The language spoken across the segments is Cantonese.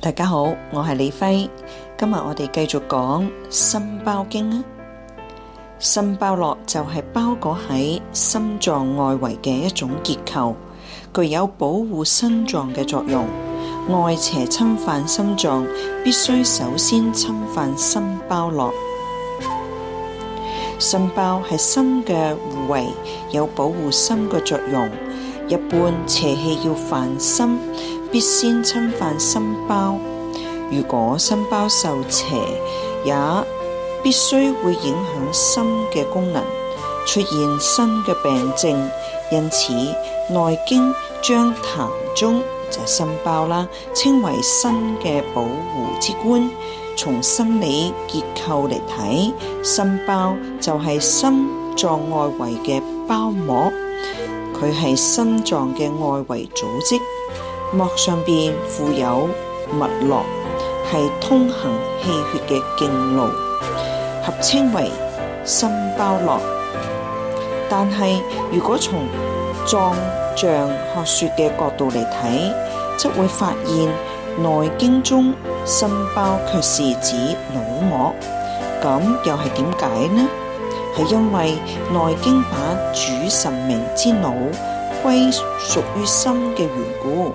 大家好，我係李輝，今日我哋繼續講心包經。心包絡就係包裹喺心臟外圍嘅一種結構，具有保護心臟嘅作用。外邪侵犯心臟，必須首先侵犯心包絡。心包係心嘅護衛，有保護心嘅作用。一般邪氣要犯心。必先侵犯心包，如果心包受邪，也必須會影響心嘅功能，出現新嘅病症。因此，《內經》將痰中就係心包啦，稱為心嘅保護之官。從生理結構嚟睇，心包就係心臟外圍嘅包膜，佢係心臟嘅外圍組織。膜上邊附有脈絡，係通行氣血嘅徑路，合稱為心包絡。但係如果從藏象學說嘅角度嚟睇，則會發現《內經》中心包卻是指腦膜，咁又係點解呢？係因為《內經》把主神明之腦歸屬於心嘅緣故。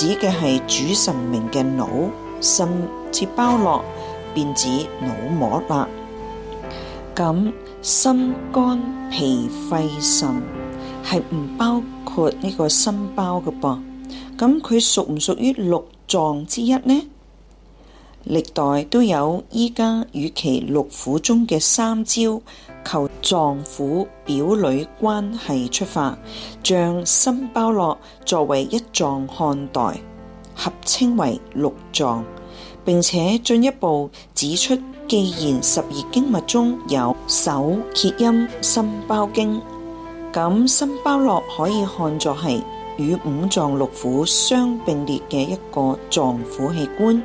指嘅係主神明嘅腦，心切包絡，便指腦膜啦。咁心肝脾肺腎係唔包括呢個心包嘅噃？咁佢屬唔屬於六臟之一呢？歷代都有依家與其六腑中嘅三焦，求臟腑表裏關係出發，將心包絡作為一臟看待，合稱為六臟。並且進一步指出，既然十二經脈中有手厥陰心包經，咁心包絡可以看作係與五臟六腑相並列嘅一個臟腑器官。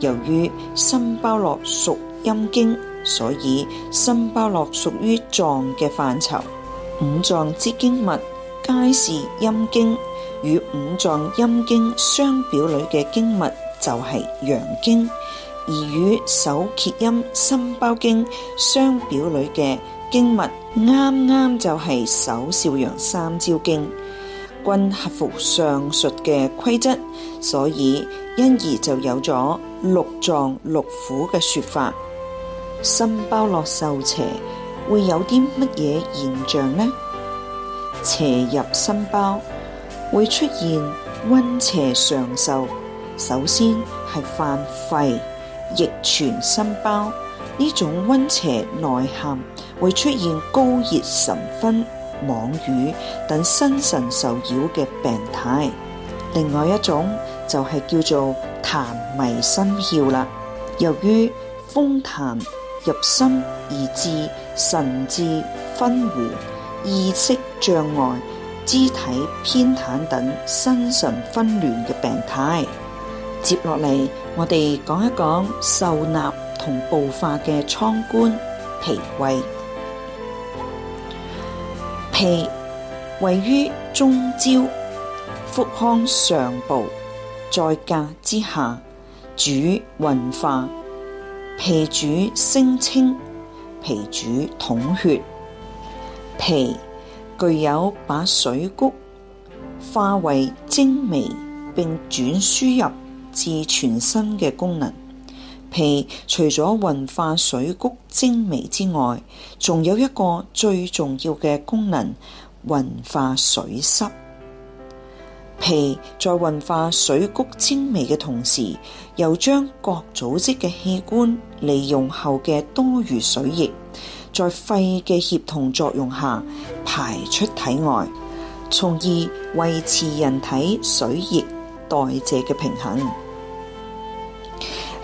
由於心包絡屬陰經，所以心包絡屬於臟嘅範疇。五臟之經脈皆是陰經，與五臟陰經相表裏嘅經脈就係陽經，而與手厥陰心包經相表裏嘅經脈，啱啱就係手少陽三焦經。均合乎上述嘅規則，所以因而就有咗六臟六腑嘅說法。心包落受邪，會有啲乜嘢現象呢？邪入心包，會出現溫邪上受。首先係犯肺，逆傳心包，呢種溫邪內陷，會出現高熱神昏。妄語等心神受擾嘅病態，另外一種就係叫做痰迷心竅啦。由於風痰入心而致神志昏糊、意識障礙、肢體偏癱等心神紛亂嘅病態。接落嚟，我哋講一講受納同步化嘅倉官脾胃。脾位於中焦、腹腔上部，在膈之下，主運化。脾主升清，脾主統血。脾具有把水谷化為精微，並轉輸入至全身嘅功能。脾除咗運化水谷精微之外，仲有一個最重要嘅功能，運化水濕。脾在運化水谷精微嘅同時，又將各組織嘅器官利用後嘅多餘水液，在肺嘅協同作用下排出體外，從而維持人體水液代謝嘅平衡。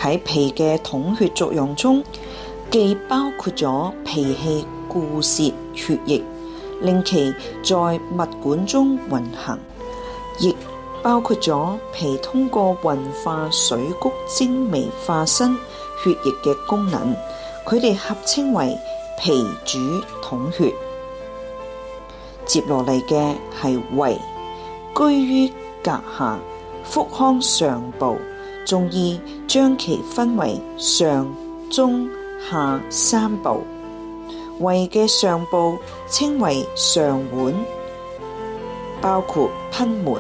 喺脾嘅統血作用中，既包括咗脾氣固攝血液，令其在脈管中運行，亦包括咗脾通過運化水谷精微化生血液嘅功能。佢哋合稱為脾主統血。接落嚟嘅係胃，居於膈下，腹腔上部。中醫將其分為上、中、下三部，胃嘅上部稱為上脘，包括賁門；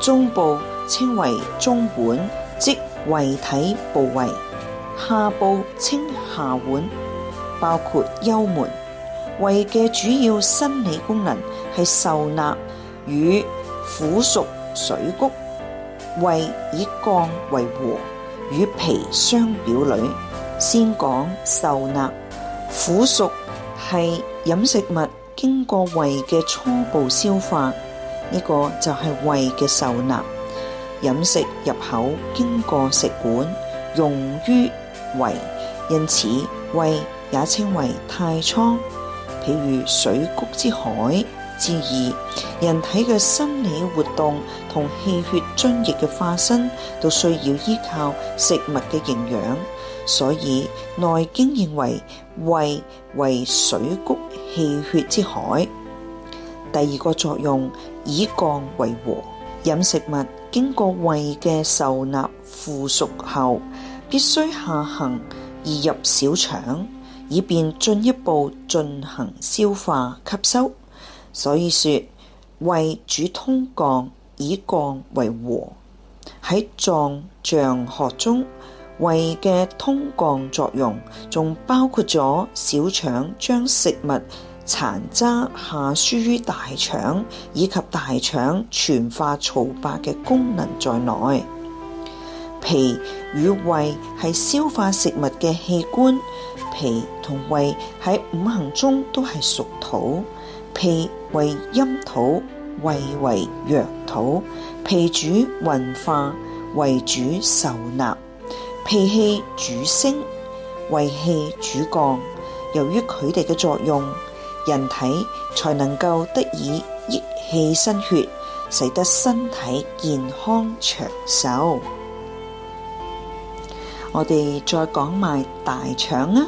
中部稱為中脘，即胃體部位；下部稱下脘，包括幽門。胃嘅主要生理功能係受納與腐熟水穀。胃以降為和，與脾相表裏。先講受納，腐熟係飲食物經過胃嘅初步消化，呢、這個就係胃嘅受納。飲食入口經過食管，用於胃，因此胃也稱為太倉，譬如水穀之海。之二，人體嘅生理活動同氣血津液嘅化身，都需要依靠食物嘅營養。所以《內經》認為，胃為水谷氣血之海。第二個作用以降為和，飲食物經過胃嘅受納腐熟後，必須下行而入小腸，以便進一步進行消化吸收。所以說，胃主通降，以降為和。喺臟象學中，胃嘅通降作用，仲包括咗小腸將食物殘渣下輸於大腸，以及大腸傳化糟粕嘅功能在內。脾與胃係消化食物嘅器官，脾同胃喺五行中都係屬土，脾，為陰土，胃為陽土，脾主運化，胃主受納，脾氣主升，胃氣主降。由於佢哋嘅作用，人體才能夠得以益氣生血，使得身體健康長壽。我哋再講埋大腸啊，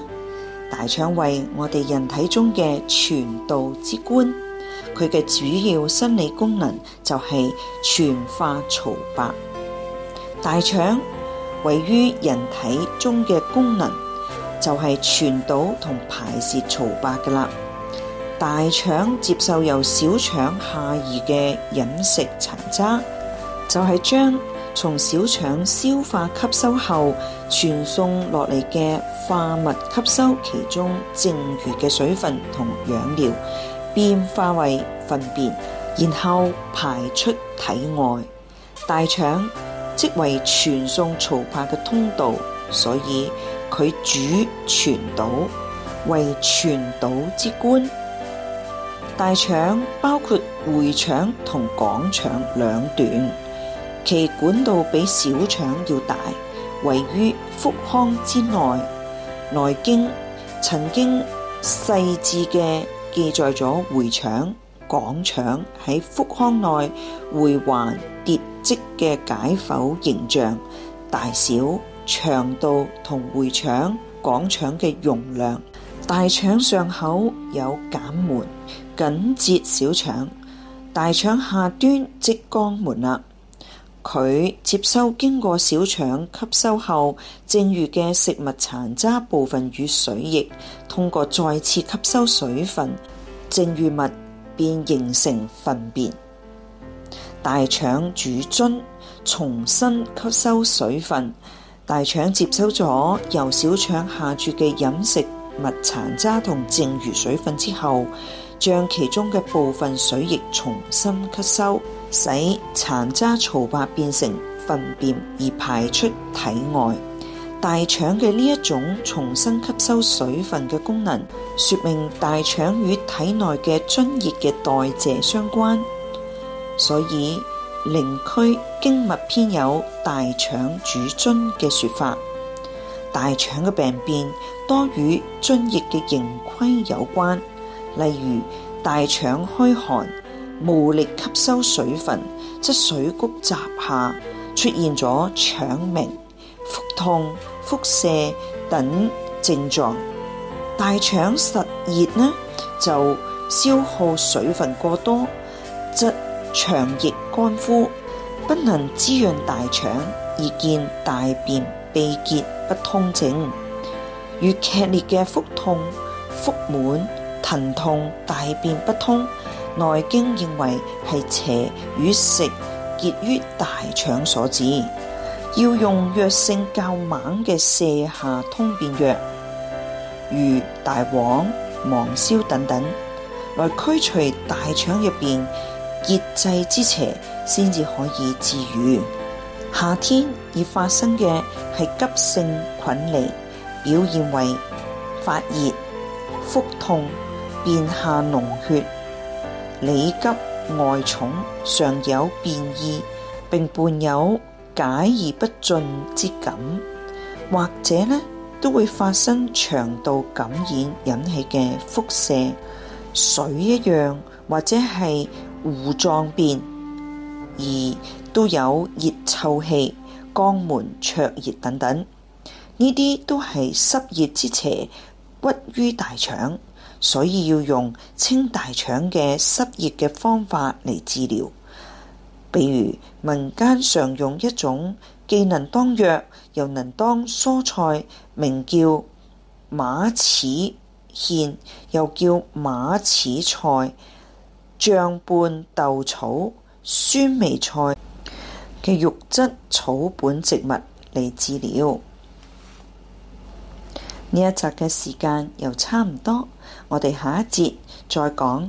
大腸為我哋人體中嘅傳道之官。佢嘅主要生理功能就係傳化糟粕。大腸位於人體中嘅功能就係傳導同排泄糟粕噶啦。大腸接受由小腸下移嘅飲食殘渣，就係、是、將從小腸消化吸收後傳送落嚟嘅化物吸收其中剩餘嘅水分同養料。變化為糞便，然後排出體外。大腸即為傳送糟粕嘅通道，所以佢主傳導，為傳導之官。大腸包括回腸同廣腸兩段，其管道比小腸要大，位於腹腔之內。內經曾經細緻嘅。記載咗回腸、廣腸喺腹腔內回環疊積嘅解剖形象，大小、長度同回腸、廣腸嘅容量。大腸上口有闌門，緊接小腸。大腸下端即肛門啦。佢接收經過小腸吸收後，剩餘嘅食物殘渣部分與水液，通過再次吸收水分，剩餘物便形成糞便。大腸主津，重新吸收水分，大腸接收咗由小腸下注嘅飲食物殘渣同剩餘水分之後，將其中嘅部分水液重新吸收。使殘渣糟粕變成糞便而排出體外，大腸嘅呢一種重新吸收水分嘅功能，說明大腸與體內嘅津液嘅代謝相關。所以，靈樞經脈篇有大腸主津嘅說法。大腸嘅病變多與津液嘅盈虧有關，例如大腸虛寒。無力吸收水分，則水谷雜下，出現咗腸鳴、腹痛、腹瀉等症狀。大腸實熱呢，就消耗水分過多，則腸液乾枯，不能滋潤大腸，而見大便秘結不通症。如劇烈嘅腹痛、腹滿、疼痛、大便不通。《內經》認為係邪與食結於大腸所致，要用藥性較猛嘅瀉下通便藥，如大黃、芒硝等等，來驅除大腸入邊結滯之邪，先至可以治癒。夏天而發生嘅係急性菌痢，表現為發熱、腹痛、便下膿血。裏急外重，常有便意，並伴有解而不盡之感，或者呢都會發生腸道感染引起嘅腹瀉、水一樣或者係糊狀便，而都有熱臭氣、肛門灼熱等等，呢啲都係濕熱之邪鬱於大腸。所以要用清大腸嘅濕熱嘅方法嚟治療，比如民間常用一種既能當藥又能當蔬菜，名叫馬齒莧，又叫馬齒菜、醬拌豆草、酸味菜嘅肉質草本植物嚟治療。呢一集嘅時間又差唔多。我哋下一節再講。